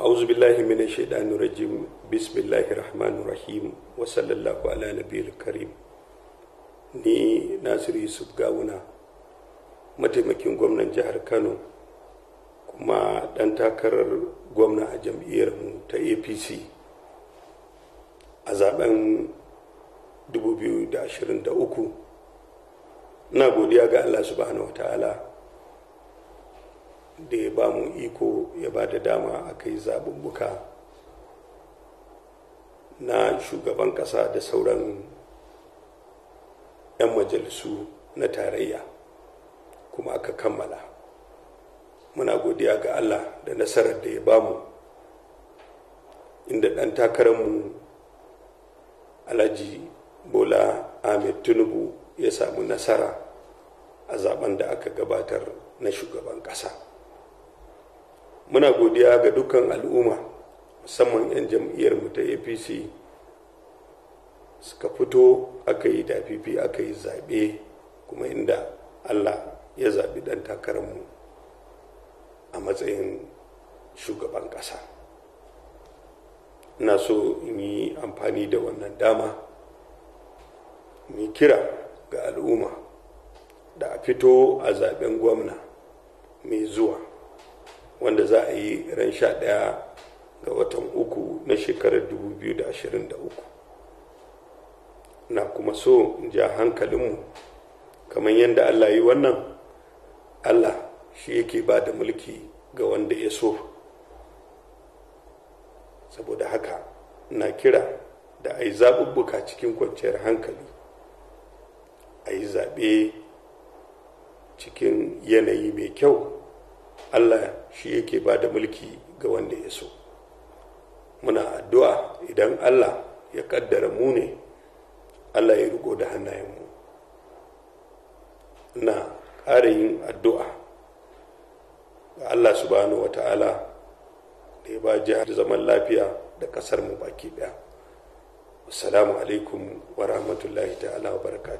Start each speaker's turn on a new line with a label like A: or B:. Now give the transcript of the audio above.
A: أعوذ بالله من الشيطان الرجيم بسم الله الرحمن wa وصلى الله ni nasiru yusuf gawuna mataimakin gwamnan jihar kano kuma ɗan takarar gwamna a jam'iyyarmu ta apc a zaben 2023 ina godiya ga allah subhanahu wa da ya ba mu iko ya ba da dama a kai zaɓuɓɓuka na shugaban ƙasa da sauran 'yan majalisu na tarayya kuma aka kammala muna godiya ga allah da nasarar da ya bamu inda ɗan takararmu alhaji bola ahmed tinubu ya samu nasara a zaben da aka gabatar na shugaban ƙasa muna godiya ga dukkan al'umma musamman 'yan jam'iyyar mu ta apc suka fito aka yi dafifi aka yi zaɓe kuma inda allah ya zaɓi ɗan takararmu a matsayin shugaban ƙasa ina so in yi amfani da wannan dama mai kira ga al'umma da a fito a zaɓen gwamna mai zuwa wanda za a yi ran sha ɗaya ga watan uku na shekarar 2023 na kuma so ja hankalinmu kamar yadda allah yi wannan allah shi yake ba da mulki ga wanda ya so saboda haka na kira da a yi zaɓuɓɓuka cikin kwanciyar hankali a yi zaɓe cikin yanayi mai kyau allah shi yake ba da mulki ga wanda ya so muna addu'a idan allah ya kaddara mu ne allah ya riko da hannayenmu na ƙara yin addu'a ga allah subhanahu ta'ala da ya ba jihar zaman lafiya da ƙasar mu baki ɗaya assalamu alaikum wa rahmatullahi ta'ala wa